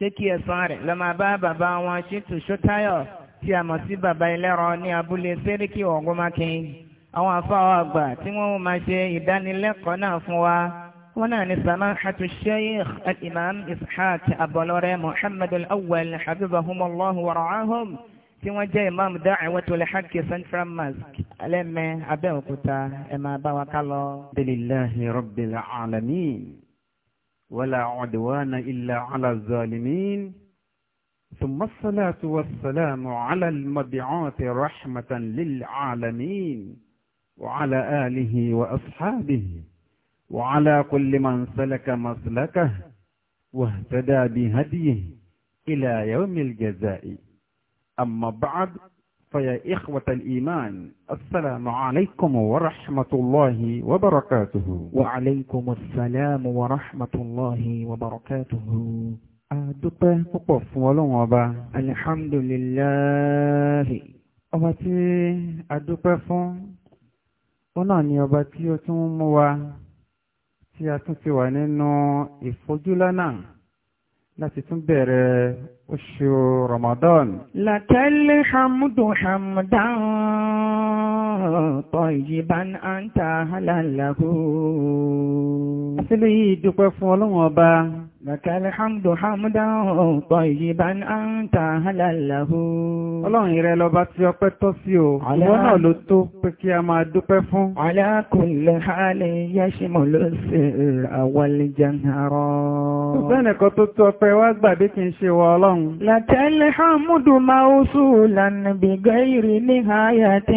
jẹ́ kí ẹ̀san rẹ̀ lọ máa bá bàbá wọn ṣètò ṣótáyọ̀ tí a mọ̀ sí bàbá ẹlẹ́rọ ní abúlé sẹ́ríkì ọ̀gọ́mákin àwọn afáwọ̀ àgbà tí wọ́n máa ṣe ìdánilẹ́kọ̀ọ́ náà fún wa wọ́n náà ní samahatu sheikh al-imam ishaq abọlọ́rẹ́ muhammad al-awwal habibahumallahu wa ra'ahum tí wọ́n jẹ́ imam da'watul haqq central mosque alẹ́mẹ́ abẹ́òkúta ẹ̀ máa bá wa kálọ. alhamdulillahi rabbil alamin. ولا عدوان إلا على الظالمين ثم الصلاة والسلام على المبعوث رحمة للعالمين وعلى آله وأصحابه وعلى كل من سلك مسلكه واهتدى بهديه إلى يوم الجزاء أما بعد فيا إخوة الإيمان السلام عليكم ورحمة الله وبركاته وعليكم السلام ورحمة الله وبركاته أدوبة فقف ولنوبة الحمد لله أبتي أدوبة فون ọ̀nà ni ọba tí ó tún mú wa tí a tún ti wà nínú ìfojúlánà لا تتنبر آه، وشو رمضان لك الحمد حمدان طيبا أنت أهلا له Sílé yìí dúpẹ́ fún Ọlọ́run ọba. لك الحمد حمدا طيبا أنت أهلا له. Ọlọ́run ìrẹ́ lọba tí ọpẹ́ tọ́ sí o. Ìwọ náà ló tó pé kí a máa dúpẹ́ fún. على كل حال يشمل السر والجهر. Sẹ́nì kan tó tó ọpẹ́ wá gbàdé kì í ṣe wọ Ọlọ́run. لك الحمد موصولا بغير نهاية.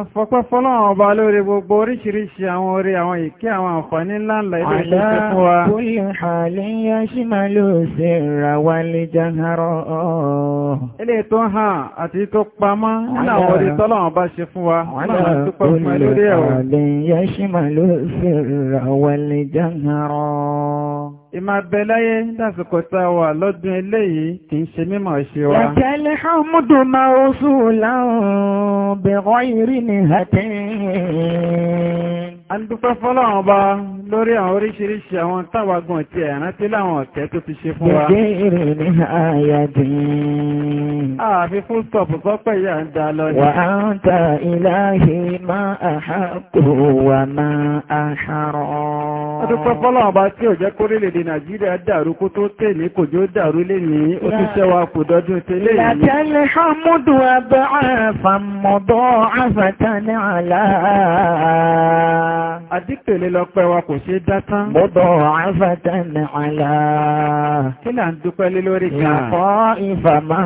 Afọ́pẹ́ fọ́lọ́wọ́n ọba lórí gbogbo oríṣiríṣi àwọn orí àwọn ìkẹ́ àwọn àǹfààní ńláńlá ilé ìṣẹ́ fún wa. Àlá kúlù àlíyá ṣí máa ló ṣe rà lè jáhárọ̀ ọ̀. Ilé tó hàn àti tó pamọ́ nínú àwọn orí tọ́lọ́wọ́n bá ṣe fún wa. Àlá kúlù àlíyá ṣí máa ló ṣe rà wá lè jáhárọ̀. Ìmàbẹ̀láyé lásìkò tá a wà lọ́dún eléyìí kì í ṣe mímọ̀ ṣe wa. Ìjẹ́lẹ̀ Hàmúdù máa ó sùn láhùn bẹ̀rọ ìrìn ní àtẹ́yìn a ń dúpẹ́ fọ́lọ́wọ́n bá lórí àwọn oríṣiríṣi àwọn táwàgùn ti ẹ̀rántí láwọn ọ̀tẹ́ tó ti ṣe fún wa. Ìdí ìrìn ní àyàdín. Àfi fún stọ̀pù sọ́pẹ̀ yà ń da lọ. Wà á ń ta ìláhì máa àhàkò wà máa àhàrọ̀. A dúpẹ́ fọ́lọ́wọ́n bá tí ò jẹ́ Nàìjíríà dàrú kó tó tè ní kò dàrú lé ní ó wa kò dọ́dún tẹ́lẹ̀ yìí. Ìlàjẹ́lẹ̀ Adípèlé lọ́pẹ́ wa kò ṣe dá tán. Bọ́dọ̀ àfàtà ní ọ̀la. Kí là ń dúpẹ́ lé lórí kan? Ìyàpọ̀ ìfàmà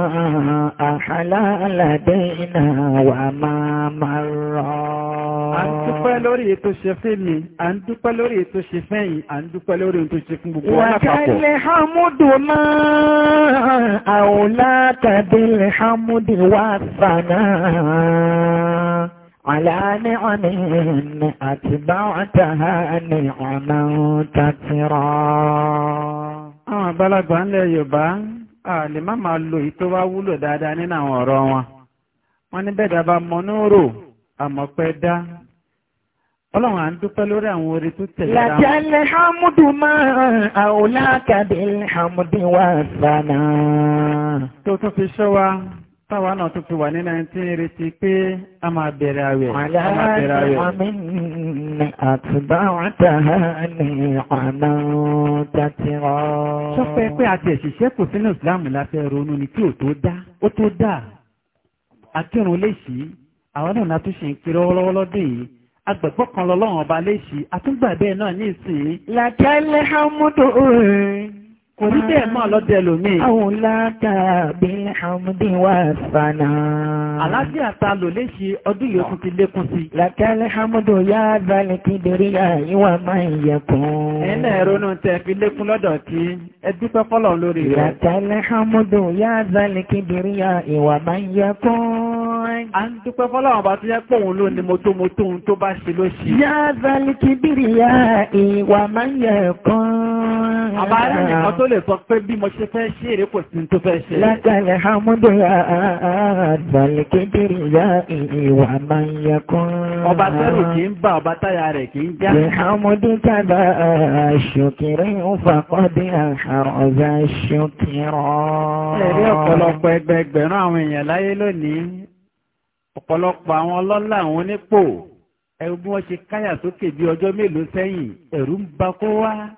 àhàlà aládé iná wà máa máa rọ̀. À ń dúpẹ́ lórí ètò ṣe fẹ́ mi, à ń dúpẹ́ lórí ètò ṣe fẹ́yìn, à ń dúpẹ́ lórí ètò ṣe fún gbogbo wa lápapọ̀. Wàkàlẹ̀ Hamudu máa àwòlá tàbí Hamudu wà sànà. على نعم أتبعتها نعما كثيرا àwọn àgbàlagbà ńlẹ̀ Yorùbá a lè má máa lo èyí tó wá wúlò dáadáa nínú àwọn ọ̀rọ̀ wọn wọ́n ní bẹ́ẹ̀dá bá mọnú àmọ́pẹ́ dá ọlọ́run à ń dúpẹ́ lórí àwọn orí tó tẹ̀lé ra wọn. làjẹ́lẹ̀ máa àwòlá kàdé wà sànà. tó tún fi ṣọ́ wa táwa náà tún fi wà ní 19 retí pé a máa bẹ̀rẹ̀ àwẹ̀. Àlàáfíà àmì ní àtúbáwátà ní ọ̀nà tàti rọ. Sọ́pẹ́ pé àti ẹ̀ṣìṣẹ́ kò sínú ìsìláàmù láfẹ́ ronú ni kí ò tó dá, ó tó dá. Akírun léṣì, àwọn náà tún ṣe ń kiri ọlọ́wọ́lọ́dún yìí. Agbẹ̀gbọ́ kan lọ́lọ́run ọba léṣì, àtúgbà bẹ́ẹ̀ náà ní ìsìn. Làkẹ́lẹ́ Hámúdò rẹ̀ kò ní bẹ́ẹ̀ máa lọ́dẹ lòmí. àwọn látàbí àmúdí wà fànà. àlàáfíà ta lò lè ṣe ọdún yìí tún ti lékún sí. làkàlẹ̀ àmúdò yá balẹ̀ kíndìrí àyíwá máa ń yẹkùn. ẹ̀yin náà ronú tẹ fi lékún lọ́dọ̀ tí ẹ dúpẹ́ fọ́lọ̀ lórí rẹ̀. làkàlẹ̀ àmúdò yá balẹ̀ kíndìrí àyíwá máa ń yẹkùn. a ń dúpẹ́ fọ́lọ̀ àwọn bá tó ló ní mọ́tò tó bá ṣe àbáyé nìkan tó lè sọ pé bí mo ṣe fẹ́ ṣe èrè kò sí tó fẹ́ ṣe. lágbàlẹ̀ hamdulilá àgbàlẹ̀ kékeré ya ìwà máa ń yẹ kún. ọba sẹ́rù kì í bá ọba táyà rẹ̀ kì í já. ìhàmúdú kábà ṣòkèrè ń fàkọ́dé àhàrọ̀zà ṣòkèrò. ẹ̀rí ọ̀pọ̀lọpọ̀ ẹgbẹgbẹ̀rún àwọn èèyàn láyé lónìí ọ̀pọ̀lọpọ̀ àwọn ọlọ́lá àwọn onípò ẹ̀rù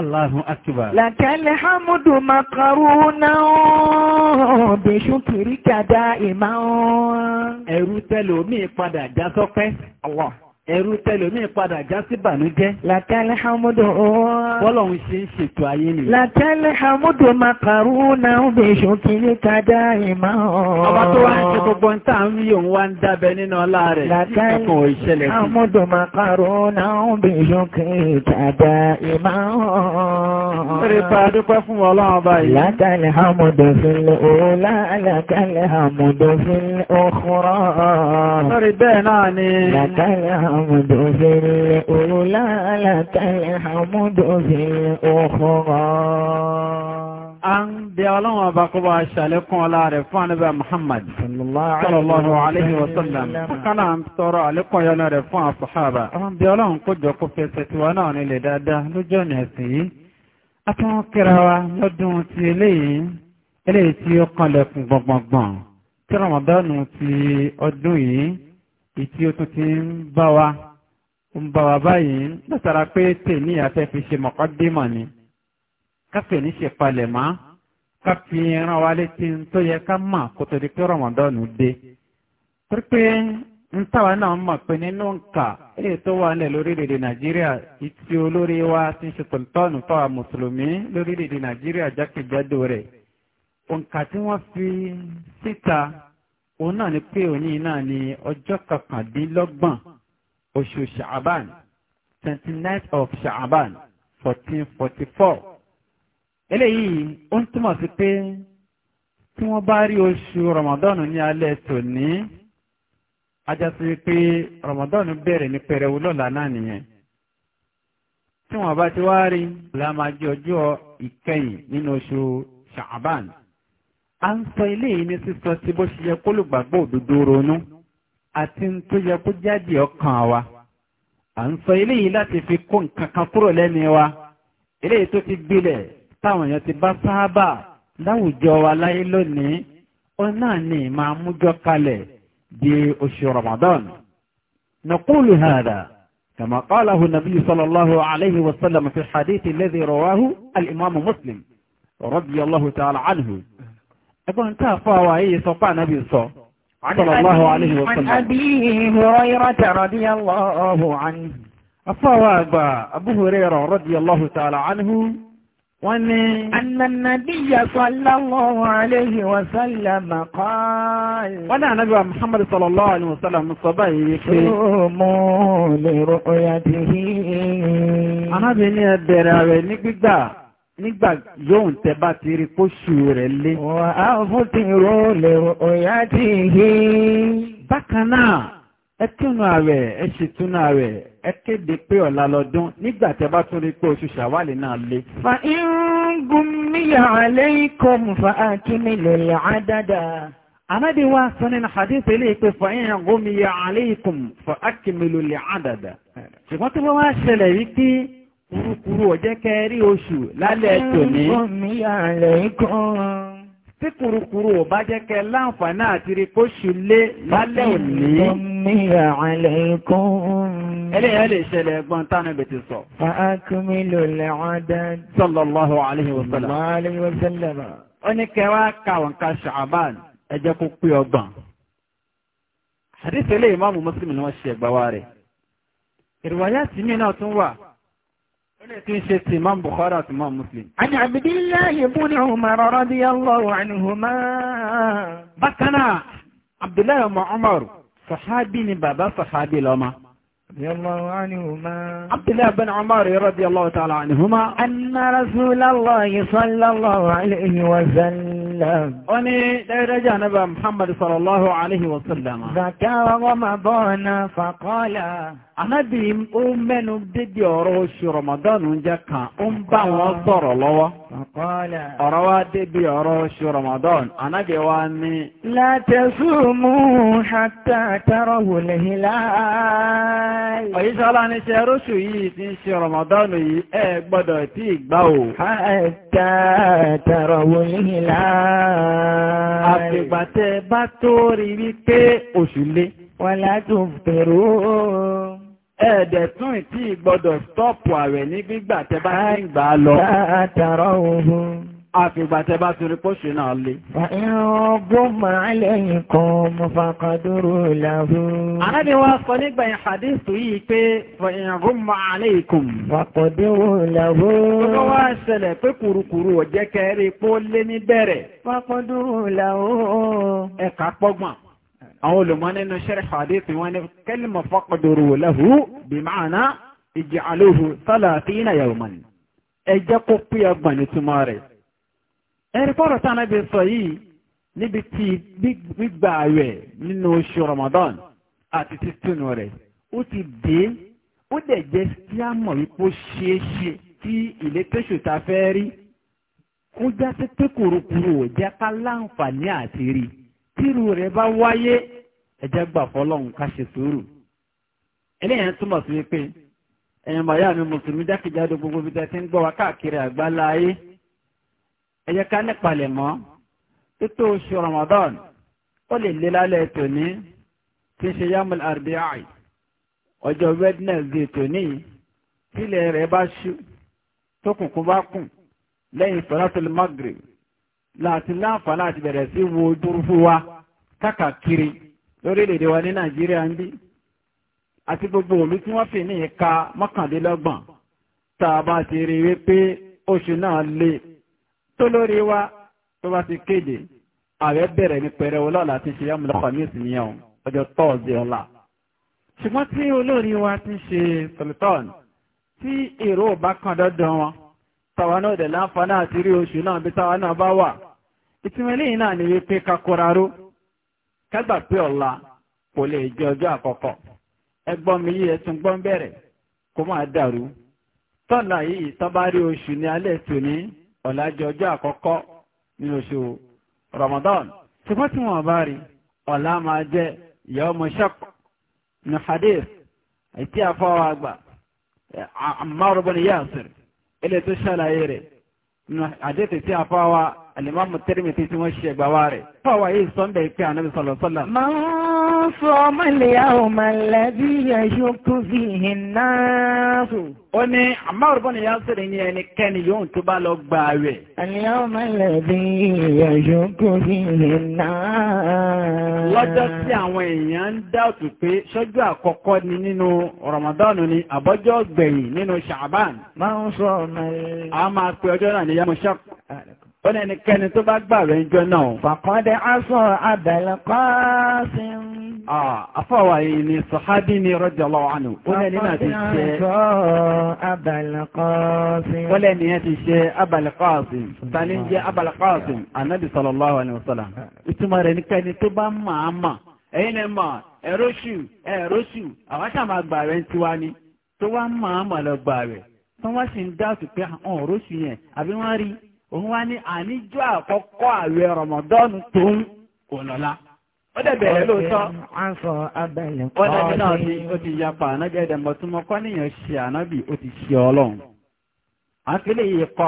Allahu akbar. Làkẹ́lẹ̀ Hámúdù Makaru náà bí ṣúkìrí kàdá ìmáwọn. Ẹ̀rú tẹ́lò mí padà já sọ́pẹ́. Allah ẹ̀rú tẹlòmíì padà já sí bànújẹ́. Làtẹ́lẹ̀ Hamudu ooo. Bọ́lọ̀hún ṣe ń ṣètò ayé nìyẹn. Làtẹ́lẹ̀ Hamudu makaru náà bè ṣòkìlì kájà ìmọ̀ ooo. Ọba tó wá ń ṣe gbogbo ń tà ń rí òun wá ń dábẹ́ nínú ọlá rẹ̀. Làtẹ́lẹ̀ Hamudu makaru náà bè ṣòkìlì kájà ìmọ̀ ooo. Ṣé ipa dúpẹ́ fún ọlọ́run báyìí? Làtẹ́lẹ̀ Hamudu fílẹ̀ ooo. الحمد في الأولى لك الحمد في الأخرى a ń bẹ ọlọ́wọ́n ọba kó bá ṣàlékún ọlá rẹ̀ fún àníbà Muhammad sallallahu alaihi wasallam kánà ń tọrọ àlékún yọ́nà rẹ̀ fún àfàhàbà a ń bẹ ọlọ́wọ́n kó jọ kó fẹsẹ̀ tiwa náà nílẹ̀ dáadáa lójú ìtí ó tún ti ń bá wa ń bá wa báyìí látara pé tèmi àfẹ́ fi ṣe mọ̀kọ́dímọ̀ ni káfíń ní ṣe palẹ̀mọ́ káfíń rán wa létí tó yẹ ká mà kó tó di pé rọ̀mọ̀dọ́nù dé torí pé ń táwa náà mọ̀ pé nínú nǹka èyí tó wà nílẹ̀ lórílẹ̀‐èdè nàìjíríà ìtì olórí wa ti ń ṣe tòlítọ́ọ̀nù fáwa mùsùlùmí lórílẹ̀‐èdè nàìjíríà jákèjádò rẹ̀ òǹkà tí wọ́n fi síta òun náà ni pé òní náà ni ọjọ́ kọkàndínlọ́gbọ̀n oṣù ṣàbán twenty nine of ṣàbán fourteen forty four eléyìí ó ń túmọ̀ sí pé tí wọ́n bá rí oṣù rọmọdọ́nù ní alẹ́ tòní ajásí pé rọmọdọ́nù bẹ̀rẹ̀ ní pẹrẹwu lọ́la náà nìyẹn tí wọ́n bá ti wá rí làmájú ìkẹyìn nínú oṣù ṣàbán a ń sọ ilé yìí ní sísọ tí bó ṣe yẹ kó lùgbàgbọ́ òdodo ronú àti ń tó yẹ kó jáde ọkàn wa à ń sọ ilé yìí láti fi kó nǹkan kan kúrò lẹ́ni wa ilé yìí tó ti gbilẹ̀ táwọn èèyàn ti bá sáábà láwùjọ wa láyé lónìí ó náà ní máa mújọ kalẹ̀ di oṣù Ramadan naqulu hada كما قاله النبي صلى الله عليه وسلم في الحديث الذي رواه الإمام مسلم رضي الله تعالى عنه ẹgbọ́n tí a fọ́ àwà yìí sọ pà náà bí sọ sallallahu alaihi wa sallam. Abi Hurayrata radiyallahu anhu. Afọ́wà àgbà Abu Hurayra radiyallahu ta'ala anhu. Wọ́n ní. Anna nabiyya sallallahu alaihi wa sallam qala. Wọ́n ní ànábì wa Muhammad sallallahu alaihi wa sallam sọ báyìí pé. Ṣùmù li ru'yatihi. Anábì ní ẹbẹ̀rẹ̀ rẹ̀ ní gbígbà nígbà yóò ń tẹ bá ti rí pósù rẹ̀ lé. wà á fún ti rò lè òyà tí hí. bákan náà ẹ túnú ààwẹ̀ ẹ ṣètúnú ààwẹ̀ ẹ kéde pé ọ̀la lọ́dún nígbà tẹ bá tún rí pé oṣù ṣàwálì náà lé. fa irungun miya aleikum fa akimilu la'adada. anadi wa sọ nínú hadith eléyìí pé fa irungun miya aleikum fa akimilu la'adada. ṣùgbọ́n tí wọ́n wá ṣẹlẹ̀ yìí pé kúrúkúrú ọ̀jẹ́ kẹrí oṣù lálẹ́ tòní. Tí kúrúkúrú ò bá jẹ́ kẹ láǹfààní àti rí kóṣù lé lálẹ́ òní. Eléyà lè ṣẹlẹ̀ ẹgbọ́n tánà bètè sọ. Fa'akúmílò lẹ́wọ́dá. Sallallahu alayhi wa sallam. Alayhi wa sallam. Ó ní kẹwàá kàwọn ká Ṣàbán ẹ kó pé ọgbọ̀n. Hadith eléyìí Imam Muslim ni wọ́n ṣe ẹgbàwá rẹ̀. Ìrìwáyà sí mi náà tún wà. كيشة إمام بخاري إمام مسلم عن عبد الله بن عمر رضي الله عنهما بكنا عبد الله بن عمر صحابي بابا صحابي لما رضي الله عنهما عبد الله بن عمر رضي الله تعالى عنهما أن رسول الله صلى الله عليه وسلم wasallam. Ó ní dájúdájú ànábà Muhammad sallallahu alaihi wasallam. Zakara Ramadana faqala. Ànábì ó mẹ́nu dédé ọ̀rọ̀ oṣù Ramadan ń jẹ́ kan, ó ń bá wọn sọ̀rọ̀ lọ́wọ́. Faqala. Ọ̀rọ̀ wá dédé ọ̀rọ̀ oṣù Ramadan, ànábì wa ní. La tasumu hatta tarahul hilal. Òyíṣọ́lá ní ṣe rúṣù yìí ti ṣe Ramadan yìí, ẹ gbọ́dọ̀ tí ì gbá o. Hatta tarahul hilal. Àfìgbàtẹ́ bá tó rí wípé oṣù lé. Wọ́n látún fẹ̀rù ooo. Ẹ̀ẹ̀dẹ̀ tún ìtí gbọ́dọ̀ stọ́ọ̀pù ààrẹ ní gbígbà tẹ́ bá ti ń gbà á lọ. Láàtàrọ̀ òhun àfìgbà tẹ bá torí pọ́ṣù náà lé. ọgbọ́mà lẹ́yìn kan mo fàkàdúró láhú. Ànábì wa sọ nígbà ìhàdísù yìí pé ọgbọ́mà alaykum. Fàkàdúró láhú. Tó wá ṣẹlẹ̀ pé kùrukùru ọ̀jẹ́ kẹrí pó lé ní bẹ̀rẹ̀. Fàkàdúró láhú. Ẹ̀ka pọ́gbọ̀n. Àwọn olùmọ̀ nínú ṣẹ́rẹ̀ ìhàdísù wọn ni kẹ́lìmọ̀ fàkàdúró láhú bí màánà ìjì àlóhu sálàtínà rẹ̀ ẹ̀rí fọ́rọ̀ sáànà bí sọ yìí níbi tí gbígbà rẹ̀ nínú oṣù Ramadan àti títúnu rẹ̀ ó ti dé ó dẹ̀ jẹ́ kí á mọ̀ wípé ó ṣeé ṣe tí ìlékèṣù ta fẹ́ rí kó já tètè kúrúkúrú ò jẹ́ ká láǹfààní àti rí tírú rẹ̀ bá wáyé ẹ̀jẹ̀ gbà fọlọ́run ká ṣe sùúrù eléyàn túmọ̀ sí wípé ẹ̀yàn bàyá mi mùsùlùmí jákèjádò gbogbo ibi tẹ́ ti ń gbọ́ wa káàkiri àgbáláyé ẹ jẹ́ ká nípalẹ̀ mọ́ títí oṣù Ramadan ó lè lé lálẹ́ tòní tí ń ṣe yamul arbi'ai ọjọ́ Wednesday tòní tílẹ̀ rẹ̀ bá ṣú tókùnkùn bá kùn lẹ́yìn salatul Maghrib láti láǹfààní àti bẹ̀rẹ̀ sí wo dúrúfú wa káàkiri lórílẹ̀-èdè wa ní Nàìjíríà ń bí àti gbogbo òmí tí wọ́n fi ní ìka mọ́kànlélọ́gbọ̀n tá a bá ti rí wípé oṣù náà lé tó lórí wa tó bá ti kéde ààrẹ bẹ̀rẹ̀ ní pẹ̀rẹ̀ ọlọ́ọ̀la ti ṣe yàmùlẹ̀ kọ̀míìsì nìyẹn o ọjọ́ tọ́ọ̀dẹ̀ ọ̀la ṣùgbọ́n tí olórí wa ti ṣe sultan tí èrò bá kan dandan wọn tàwa náà dẹ̀ láǹfààní àti rí oṣù náà bí tàwa náà bá wà ìtumọ̀ eléyìí náà ni wípé kakoraró kágbà pé ọ̀la kò lè jẹ́ ọjọ́ àkọ́kọ́ ẹgbọ́n mi yí ẹtún gbọ́n bẹ̀rẹ̀ kó máa dàrú tọ́lá yìí tọ́ oṣù ní alẹ́ tòní ọ̀la jẹ́ ọjọ́ àkọ́kọ́ nínú oṣù Ramadan ṣùgbọ́n tí wọ́n bá rí ọ̀la máa jẹ́ yawmu shaq ní hadith àti àfọwọ́ àgbà Ammar ibn Yasir ilé tó ṣàlàyé rẹ̀ nínú hadith tí àfọwọ́ alimami Tirmidhi tí wọ́n ṣe gbàwá rẹ̀ fọwọ́ yìí sọ́ndẹ̀ ìpè ànábì sallallahu alaihi wasallam. صام اليوم الذي يشك فيه الناس ó ní Ammar ibn Yasir ní ẹnikẹ́ni yóò tó bá lọ gba àwẹ̀. al-yawma alladhi yashukku fihi an-nas. lọ́jọ́ tí àwọn èèyàn ń dáàtò pé ṣọ́jọ́ àkọ́kọ́ ni nínú Ramadan ni àbọ́jọ́ gbẹ̀yìn nínú Sha'ban. máa ń sọ ọmọ rẹ̀. a máa pe ọjọ́ náà ní yamu shak ó ní ẹnikẹ́ni tó bá gbà rẹ̀ ń jọ náà. faqad asa Abul Qasim àfọwà ah, yìí ni sọ̀hábí ni radiyallahu anhu kólẹ́ni náà ti ṣe kólẹ́ni yẹn ti ṣe Abul Qasim tani jẹ́ Abul Qasim anabi sallallahu alayhi wa sallam ìtumọ̀ rẹ̀ ní kẹ́ni tó bá òun wá ní àníjọ́ àkọ́kọ́ àwẹ̀ Ramadan tó ń kò lọ́la. Wọ́n dẹ̀ bẹ̀rẹ̀ lóòótọ́. Wọ́n sọ abẹ́lẹ̀ kọ́ yapa ànájẹ́ ìdẹ̀mọ̀ tí mo kọ́ níyàn ṣe ànábì ó ti ṣe ọlọ́run. A fi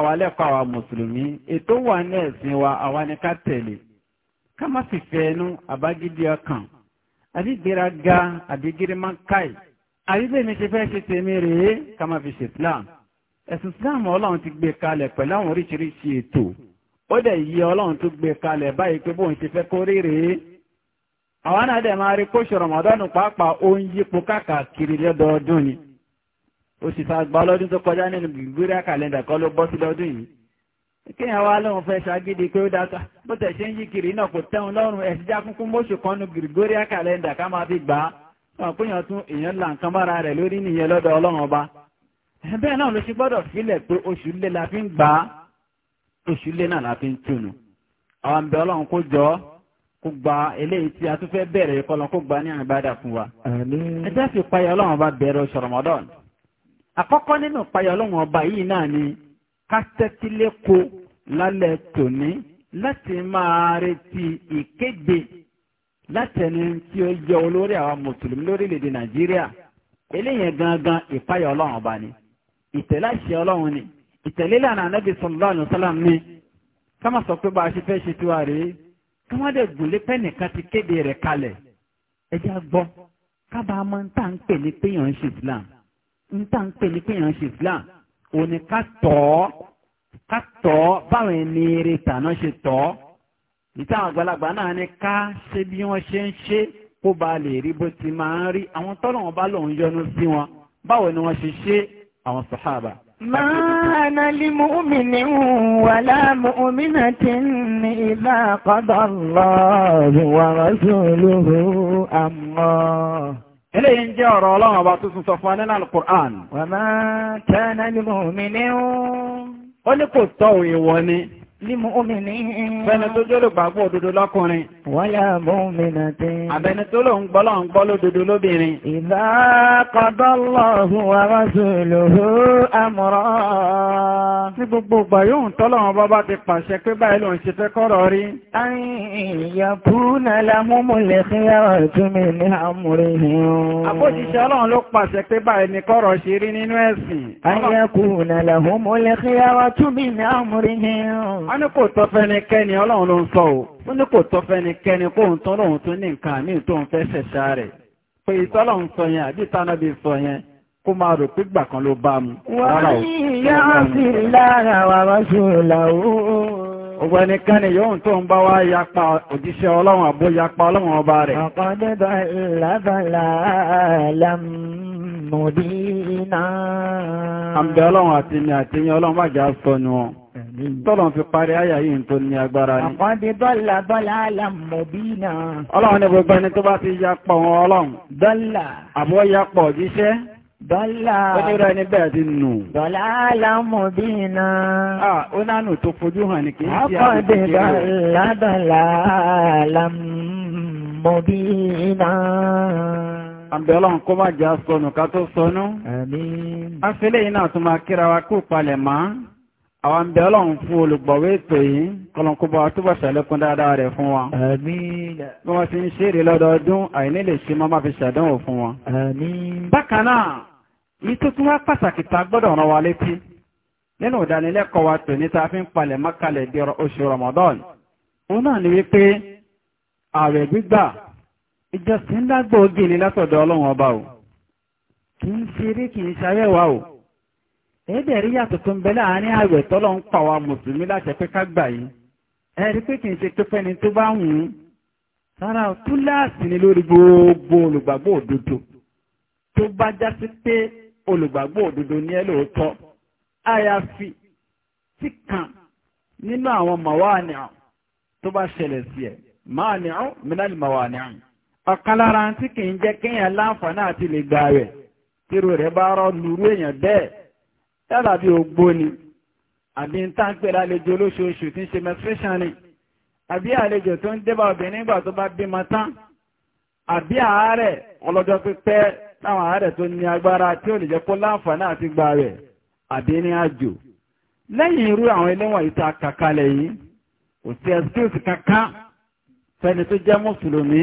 wa lẹ́kọ̀ọ́ àwa Mùsùlùmí, ètò wà ní ẹ̀sìn wa àwa ni ká tẹ̀lé. Ká má fi fẹ́ ẹnu àbágídí ọkàn. Àbí gbéraga àbí gírímánkáì. Àbí bẹ́ẹ̀ mi ṣe fẹ́ ṣe àwọn náà dẹ̀ máa rí kóṣù rọmọdọ́nù pàápàá ó ń yípo káàkiri lọ́dọọdún ni oṣù sàgbà lọ́dún tó kọjá nínú gbígbéra kàlẹ́ndà kọ́ ló bọ́ sí lọ́dún yìí kíyàn wá lóun fẹ́ ṣagídí pé ó dáta bó tẹ̀ ṣe ń yí kiri náà kò tẹ́hun lọ́rùn ẹ̀sìn já kúnkún mọ́ṣù kan nu gbígbéra kàlẹ́ndà ká máa fi gbà á pínyàn tún èèyàn là ń kánbára rẹ̀ lórí nìyẹn lọ́dọ̀ kó gba eléyìí tí a tún fẹ́ bẹ̀rẹ̀ kọ́lọ́n kó gba ní àbádà fún wa. ẹ jẹ́ fi payọ̀ ọlọ́run ọba bẹ̀rẹ̀ oṣù Ramadan. àkọ́kọ́ nínú payọ̀ ọlọ́run ọba yìí náà ni ká tẹ́tíléko lálẹ́ tòní láti máa retí ìkéde látẹni tí ó yẹ olórí àwọn mùsùlùmí lórílẹ̀‐èdè Nàìjíríà eléyẹn gangan ìpayọ̀ ọlọ́run ọba ni ìtẹ̀láṣẹ ọlọ́run ni ìtẹ̀lélànà anábì sallallahu alaihi ni ká má sọ pé bá kí wọ́n dẹ̀ gùn lépẹ́ nìkan ti kéde rẹ̀ kalẹ̀ ẹjẹ́ gbọ́ kábàá mọ ń tà ń pè ní péyàn ń ṣe Islam ń ń pè ní péyàn ń ṣe Islam òun ni ká tọ̀ ọ́ ká tọ̀ ọ́ báwọn ẹni eré tàná ṣe tọ̀ ọ́ ìta àgbàlagbà náà ni ká ṣe bí wọ́n ṣe ń ṣe kó ba lè rí bó ti máa ń rí àwọn tọ́lọ̀ wọn bá lòun yọ́nú sí wọn báwo ni wọ́n ṣe ṣe àwọn sàhábà ما أنا لمؤمن ولا مؤمنة إذا قضى الله ورسوله أمرا eléyìí ń jẹ́ ọ̀rọ̀ ọlọ́run ọba tó tún sọ fún ẹni náà Qur'an. wàmá tánà lil mu'minin. ó ní kò tọ́ òun Límú omi ní. Bẹ́ni tó jẹ́ olùgbàgbọ́ òdodo lọ́kùnrin. Wọ́lá mọ́mìnà tí. Àbẹni tó lò ń gbọ́ ń gbọ́ lódodo lóbìnrin. Ìbá qadallahu wa rasuluhu amra. Ní gbogbo ìgbà yóò tọ́lọ́run bá bá ti pàṣẹ pé báyìí ló ń ṣe fẹ́ kọ́rọ̀ rí. Àyìnyàkúnà lámúmúlẹ̀ sí àtúnmí ní àmúrí ni ó. Àbójíṣẹ́ Ọlọ́run ló pàṣẹ pé báyìí ni kọ́rọ̀ ṣe rí nínú ẹ̀sìn. Àyìnyàkúnà lámúmúlẹ̀ sí àtúnmí ní àmúrí ni ó wọ́n ní kò tọ́ fẹ́nikẹ́ni ọlọ́run ló ń sọ o wọ́n ní kò tọ́ fẹ́nikẹ́ni kóhun tán lóhun tó ní nǹkan àmì tó ń fẹ́ ṣẹ̀ṣà rẹ̀ kó máa rò pé kan ló bá mu. wọ́n yá sí yóò tó ń bá wá yapa òjíṣẹ́ ọlọ́run àbó yapa ọlọ́run ọba rẹ̀. Ọ̀kọ́dé bàlábàlá lámùdínà tọ́lọ̀ fi parí àyà yìí tó ní agbára ní. àkọ́dé dọ́là dọ́là alàmọ̀bínà. ọlọ́run ní gbogbo ẹni tó bá ti yapọ̀ wọn ọlọ́run. dọ́là. àbọ̀ yapọ̀ jíṣẹ́. dọ́là. ó ní rẹ ní bẹ́ẹ̀ ti nù. dọ́là alàmọ̀bínà. a ó nánú tó fojú hàn ní kí n ṣe àbúrò. àkọ́dé dọ́là dọ́là alàmọ̀bínà àbẹ̀ ọlọ́run kó má jẹ́ sọnù ká tó sọnù. àmín. a náà tún máa kíra wa kó palẹ̀ mọ́ àwọn ń bẹ ọlọ́run fún olùgbọ̀wé ètò yìí kọlọ̀kúbọ̀ túbọ̀ ṣàlékún dáadáa rẹ̀ fún wọn. àmín. bí wọ́n ti ń ṣeré lọ́dọọdún àìní lè ṣe mọ́ máa fi ṣàdánwò fún wọn. àmín. bákan náà yìí tó tún wá pàtàkì ta gbọ́dọ̀ rán wa létí nínú ìdánilẹ́kọ̀ọ́ wa tòní tá a fi ń palẹ̀ mọ́kàlẹ̀ di oṣù Ramadan òun náà ni wípé ààrẹ gbígbà ìjọsìn lágbóògì ni látọ̀dọ̀ ọlọ́run ọba ò kì í ṣeré kì í ṣayẹ́wàá ò ẹ̀ẹ́dẹ̀ rí yàtọ̀ tó ń bẹ láàrin àwẹ̀ tọ́lọ̀ ń pa wa mùsùlùmí láti ẹ̀pẹ́ ká gbà yìí ẹ̀rí pé kì í ṣe tó fẹ́ni tó bá wù ú sára túláàsì ni lórí gbogbo olùgbàgbọ́ òdodo tó bá já sí pé olùgbàgbọ́ òdodo ní ẹ lóòótọ́ àyàfi tí kan nínú àwọn màwáàníà tó bá ṣẹlẹ̀ sí ẹ̀ màwáàníà mìíràn màwáàníà ọ̀kan lára tí kì í jẹ́ kéèyàn láǹfààní àti lè gbà rẹ̀ tí irú rẹ̀ bá rọ́ lùrú èèyàn bẹ́ẹ̀ yálà bí ogbó ni àbí ń tá ń pèrè àlejò olóṣooṣù tí ń ṣe menstruation ni àbí àlejò tó ń débà obìnrin nígbà tó bá bímọ tán àbí àárẹ̀ ọlọ́jọ́ pípẹ́ láwọn àárẹ̀ tó ní agbára tí ò lè jẹ́ kó láǹfààní àti gba rẹ̀ àbí ní àjò lẹ́yìn irú àwọn eléwọ̀n ìta kàkalẹ̀ yìí kò sí excuse kankan fẹ́ni tó jẹ́ mùsùlùmí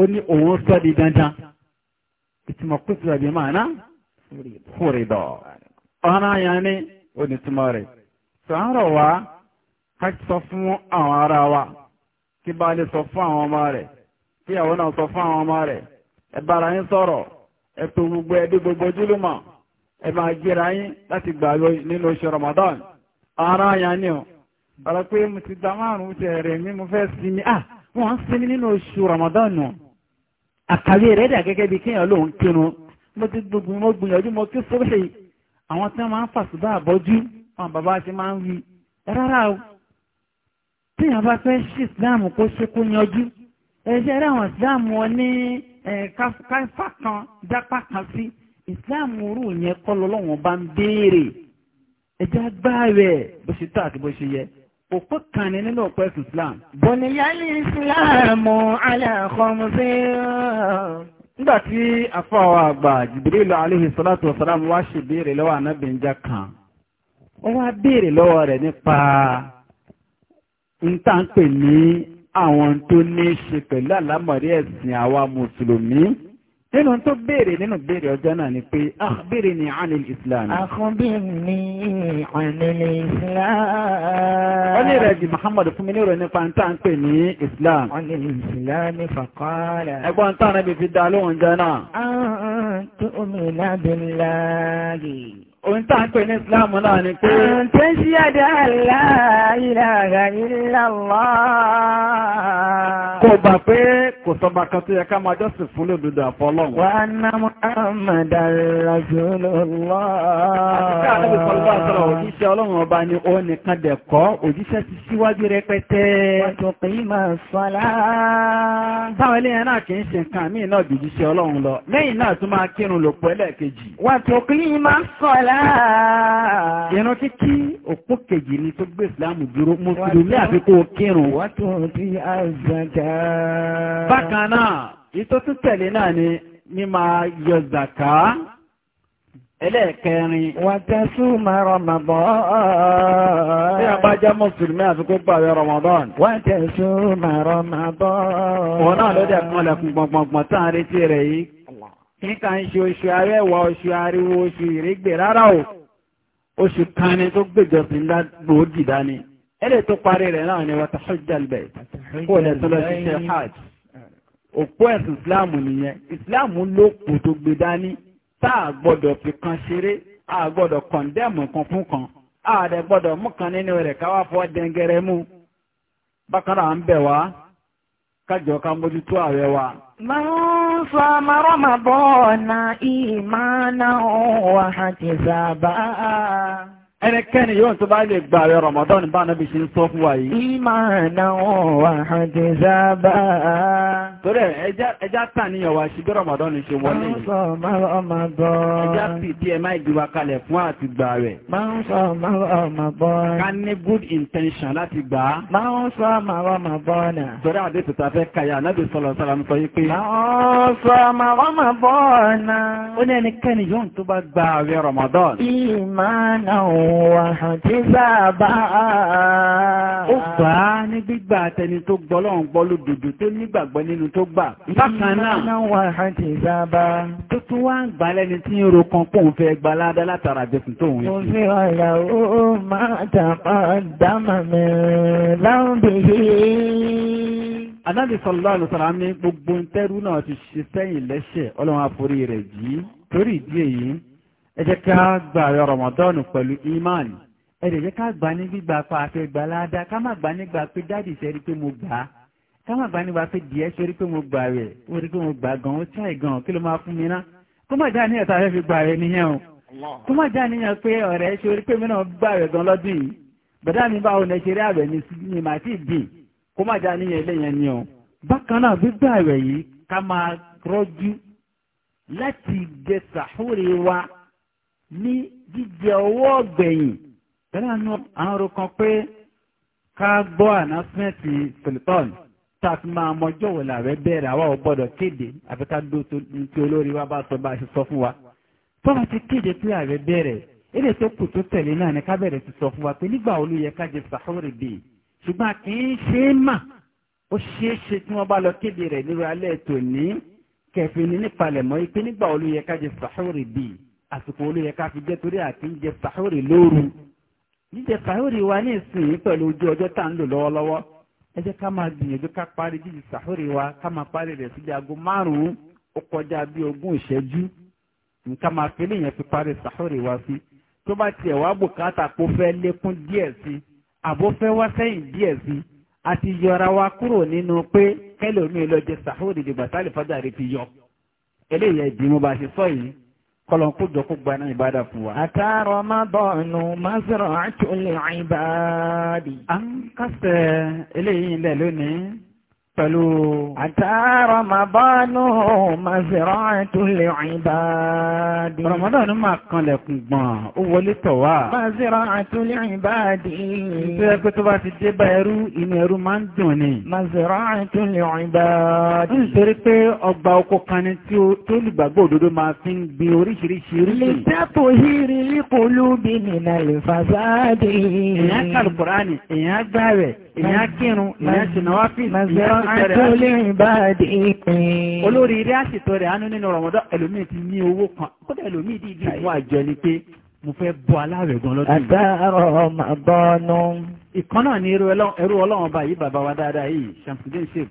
ó ní òun sọ di dandan ìtumọ̀ kúsìlẹ̀ bí máa ná fúrìdọ̀ ọ̀nà yẹn ni ó ní túmọ̀ rẹ̀ sọ̀rọ̀ wá ká sọ fún àwọn ará wa kí bá lè sọ fún àwọn ọmọ rẹ̀ kí àwọn náà sọ fún àwọn ọmọ rẹ̀ ẹ bára yín sọ̀rọ̀ ẹ tó gbogbo ẹbí gbogbo júlùmọ̀ ẹ máa gbéra yín láti gbà nínú oṣù Ramadan ara yẹn ni ọ ọ̀rọ̀ pé mo ti da márùn-ún ti rẹ̀ mí mo fẹ́ sinmi ah wọ́n á sinmi nínú oṣù Ramadan nù àkàwé rẹ̀ dà gẹ́gẹ́ bí kéèyàn lòun kírun mo ti gbogbo mo gbìyànjú mo kí sókè àwọn tí wọ́n máa ń fàṣùbà àbọ́jú àwọn bàbá ti máa ń wí rárá o téèyàn bá fẹ́ ṣí ìsìláàmù kó ṣe kó yanjú ẹ̀ṣẹ́ rẹ̀ àwọn wọn ní káfà kan jápá kan sí ìsìláàmù rú yẹn kọ́ lọ́wọ́n bá ń béèrè ẹ̀jẹ̀ agbára rẹ̀ bó ṣe tó àti bó ṣe yẹ Òpó kan ni nínú òpó ẹ̀sùn Islam. Bùnìyàní Ìsìláàmù aláàkọ́mùsí. Nígbà tí afọ́wà àgbà Jibrilu alayhi salatu wa salam wá ṣe béèrè lọ́wọ́ anábìnjá kan, ó wá béèrè lọ́wọ́ rẹ̀ nípa ìtànpè ní àwọn tó ní ṣe nínú tó béèrè nínú béèrè ọjọ́ náà ni pé àbèrè ah, ni anil islam. àkùnbìnrin ni anil islam. wọ́n ní ìrẹ̀jì muhammad fún mi ní ìròyìn nípa ń tàn pè ní islam. anil islam faqala. ẹgbọ́n ń rẹ̀ bí fi dá lóhùn jẹ́ náà. an tu'mina billahi tàà pẹ̀ ní Islam náà ni pé. Tó ń ṣí àdá la ilaha illallah. Kò bà pé kò sọba kan tó yẹ ká máa jọ́sìn fún lòdòdó àfọlọ́run. Wa anna Muhammadan Rasulullah. Àti ká àdébí sọlọ́bà sọ̀rọ̀ òjíṣẹ́ ọlọ́run ọba ni ó nìkan dẹ̀ kọ́ òjíṣẹ́ ti síwájú máa kírun Ah. Ìran kíkí òpó kejì ni tó gbé ìsìláàmù dúró, Mùsùlùmí àfikún kírun. Wọ́n tún ti àzàkà. Bákan náà, ìtótú tẹ̀lé náà ni mímá yọ zàkà ẹlẹ́ẹ̀kẹrin. wà á tẹ́sù ma Ramadan. bí a bá jẹ́ mùsùlùmí àti kó gbààwẹ̀ Ramadan. wà á tẹ́sù ma Ramadan. òun náà ló dẹ̀ kún ọlẹ́kùn gbọ̀ngbọ̀ngbọ̀n tá à ń retí rẹ̀ yìí kíkà ń ṣe oṣù arẹwà oṣù ariwo oṣù ìrégbè rárá o oṣù kan ni tó gbèjọsìn gbòógì dání ẹlẹ́ tó parí rẹ̀ náà ni wata hujjal bẹ̀ kó lẹ́ tó lọ sí ṣe hajj òpó ẹ̀sùn islam nìyẹn islam ló kù tó gbé dání tá a gbọ́dọ̀ fi kan ṣeré a gbọ́dọ̀ kọ̀ndẹ́mù kan fún kan a dẹ̀ gbọ́dọ̀ mú kan nínú rẹ̀ káwá fọ́ dẹ́ngẹrẹ mú bákan ń bẹ̀ wá kájọ ká mójútó ààrẹ wa. máa من صام رمضان إيمانا واحتسابا ẹnikẹ́ni yóò tó bá lè gba rẹ Ramadan bá nábi ṣe ń sọ fún wa yìí. ìmọ̀ náà wà hàndì sábà. torí ẹja tàníyàn wa ṣe bí Ramadan ṣe wọlé yìí. máa ń sọ máa ọmọ bọ́. ẹja pìtì ẹ máa gbé wa kalẹ̀ fún àti gbà rẹ̀. máa ń sọ máa ọmọ bọ́. ká ní good intention láti gbà á. máa ń sọ máa ọmọ bọ́ nà. torí àdé tó ta fẹ́ kàyà nábi sọlọ sọlọ sọ yìí pé. máa ń sọ máa ọmọ bọ́ nà. ó ní ẹnikẹ́ni yóò tó Ramadan. ìmọ̀ náà wàhátísábà. ó gbà á ní gbígbà àtẹni tó gbọ́ lọ́wọ́n gbọ́ lódodo tó nígbàgbọ́ nínú tó gbà. bákan náà wàhátísábà. tó tún wá ń gbà lẹ́ni tí ń ro kan pòun fẹ́ gba ládá látara àjẹsùn tó ń. mo fi gbogbo ń tẹ́rù náà ti ṣe sẹ́yìn lẹ́ṣẹ̀ ọlọ́run àforí rẹ̀ yìí torí ìdí èyí ẹ jẹ́ ká gba àwẹ̀ rọ̀mọ̀dọ́nù pẹ̀lú ìmánì ẹ dẹ̀ jẹ́ ká gbà ní gbígbà pa àfẹ́ gbà ládàá ká má gbà nígbà pé dáàdì ṣe rí pé mo gbà á ká má gbà nígbà pé díẹ̀ ṣe rí pé mo gbà rẹ̀ ó rí pé mo gbà gan ó ṣáì gan kí ló máa fún mi ná kó má já níyàn tá a fẹ́ fi gbà rẹ̀ nìyẹn o kó má já níyàn pé ọ̀rẹ́ ṣe rí pé mi náà gbà rẹ̀ gan lọ́dún yìí bàdá mi báwo ni ṣe rí ni màá láti jẹ sàhúrì wa ní jíjẹ ọwọ́ ọ̀gbẹ̀yìn tẹ́lẹ̀ nù àwọn ọ̀rọ̀ kan pé ká gbọ́ ànásímẹ́ǹtì sultan tá a fi máa mọjọ́ wò làwẹ́ bẹ̀rẹ̀ àwa ò kéde àfi ká dó tí olórí wa bá sọ bá a ṣe sọ fún wa tó bá ti kéde pé àwẹ̀ bẹ̀rẹ̀ èdè tó kù tó tẹ̀lé náà ni ká bẹ̀rẹ̀ ti sọ fún wa pé nígbà wo ló yẹ ká jẹ sàhórì bíi ṣùgbọ́n kì í ṣe é mà ó ṣeé ṣe tí wọ́n bá lọ kéde rẹ̀ nírú alẹ́ tòní kẹfìn ní nípalẹ̀mọ́ ipe nígbà wo yẹ ká jẹ sàhórì bíi àsìkò olú yẹ ká fi jẹ́ torí àti ń jẹ sàhórì lóru jíjẹ sàhórì wa ní ìsìn pẹ̀lú ojú ọjọ́ tá ń lò lọ́wọ́lọ́wọ́ ẹ jẹ́ ká máa gbìyànjú ká parí jíjẹ sàhórì wa ká máa parí rẹ̀ sí aago márùn-ún ó kọjá bí ogún ìṣẹ́jú nǹkan máa fi léèyàn fi parí sàhórì wa sí tó bá tiẹ̀ wá bùkátà kó fẹ́ lékún díẹ̀ sí àbó fẹ́ wá sẹ́yìn díẹ̀ sí a ti yọra wa kúrò nínú pé kẹ́lòmíì lọ jẹ sàhórì dìgbà sálífàdà rẹ̀ fi yọ eléyìí ẹ̀dínmú bá ṣe sọ yìí kọlọ̀n kó jọ kó gba náà ìbádà fún wa. àtàrọ má bọ̀ọ̀nù má sọ̀rọ̀ àtúnlẹ̀ ìbáàdì. à ń kásẹ̀ eléyìí ilẹ̀ lónìí pẹ̀lú. àtàrà máa bá nù màṣírọ́ àtúnlẹ̀ ìbáàdì. ramadan ní máa kanlẹ̀kùn gbọ̀n ó wọlé tọ̀ wá. màṣírọ́ àtúnlẹ̀ ìbáàdì. tó yẹ pé tó bá ti dé bá ẹrú inú ẹrú máa ń dùn ni. màṣírọ́ àtúnlẹ̀ ìbáàdì. nítorí pé ọgbà oko kan ni tí olùgbàgbọ́ òdodo máa fi ń gbin oríṣiríṣi irúgbìn. lè dápò hírí lípolú bí nìna lè fàṣáàdì. èèyàn kàlùkùránì èèyàn gbààwẹ̀ èèyàn kírun èèyàn àtúlé ìbáàdì ìpín. olórí ilé àṣìtọ́ rẹ̀ àánú nínú rọ̀mọ́dọ́ ẹlòmíì ti ní owó kan kódà ẹlòmíì dìídì fún àjọ ni pé mo fẹ́ bọ́ aláàrẹ̀ gan lọ́dún yìí. àtàrọ̀ ọmọ bọ́ọ̀nù. ìkan náà ni ẹrú ọlọ́run ọba yìí bàbá wa dáadáa yìí Shamsuddin Sheikh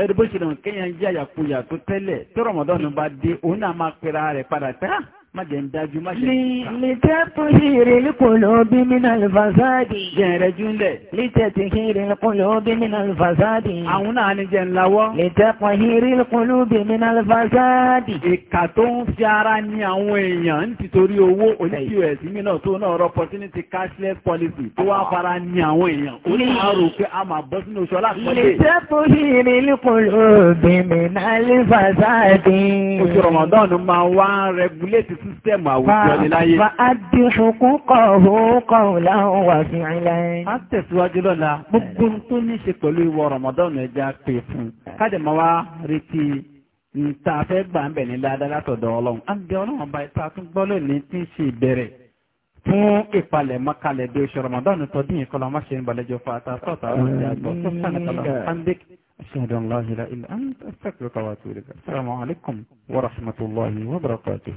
ẹ̀rí bó ṣe lọ kéèyàn jẹ́ àyàkuyà tó tẹ́lẹ̀ tó rọ̀mọ́dọ́nù bá dé òun náà máa pera rẹ̀ padà tẹ́ májẹ̀ ń dájú máṣẹ̀ ìkà. lítẹ́tù hìrì kòlò bí mínà alfàzádì. jẹ́rẹ̀ júlẹ̀. lítẹ́tù hìrì kòlò bí mínà alfàzádì. àwọn náà ni jẹ́ ńláwọ́. lítẹ́tù hìrì kòlò bí mínà alfàzádì. ìkà tó ń fi ara ní àwọn èèyàn ń tìtorí owó oníṣìwẹ̀sì mínà tó náà rọ opportunity cashless policy tó wá fara ní àwọn èèyàn. ó ní àrò pé a máa bọ́ sínú oṣù alákọ̀ọ́lẹ̀. lítẹ́tù hìrì kòlò bí sísítẹ̀mù àwùjọ ní láyé. Fa adé ṣokún kọ̀ hókọ̀ láwọn wà sí ilẹ̀. A tẹ̀síwájú lọ́la, gbogbo tó ní ṣe pẹ̀lú ìwọ Ramadan ẹja pè fún. Káde máa wá retí nta fẹ́ gbà ń bẹ̀ ní dáadáa látọ̀dọ̀ Ọlọ́run. A ń bẹ Ọlọ́run ọba ìta tún gbọ́ lónìí tí ń ṣe ìbẹ̀rẹ̀ fún ìpalẹ̀ mọ́kalẹ̀ bí oṣù Ramadan tọdún yìí kọ́lá ọmọ ṣe ń balẹ̀jọ fata sọ́ọ̀tà àwọn ìjà àgbọ̀ tó sànà kọ́lá أشهد أن لا إله إلا أنت أستغفرك وأتوب إليك السلام عليكم ورحمة الله وبركاته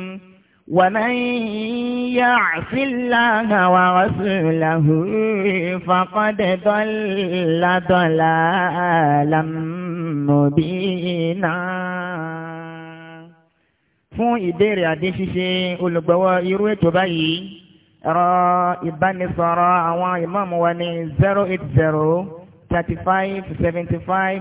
ومن يعص الله ورسوله فقد ضل ضلالا مبينا fún ìbéèrè àdé olùgbọ́wọ́ irú ètò báyìí ẹ̀rọ ìbánisọ̀rọ̀ àwọn ìmáàmù wa ní zero eight zero thirty five seventy five.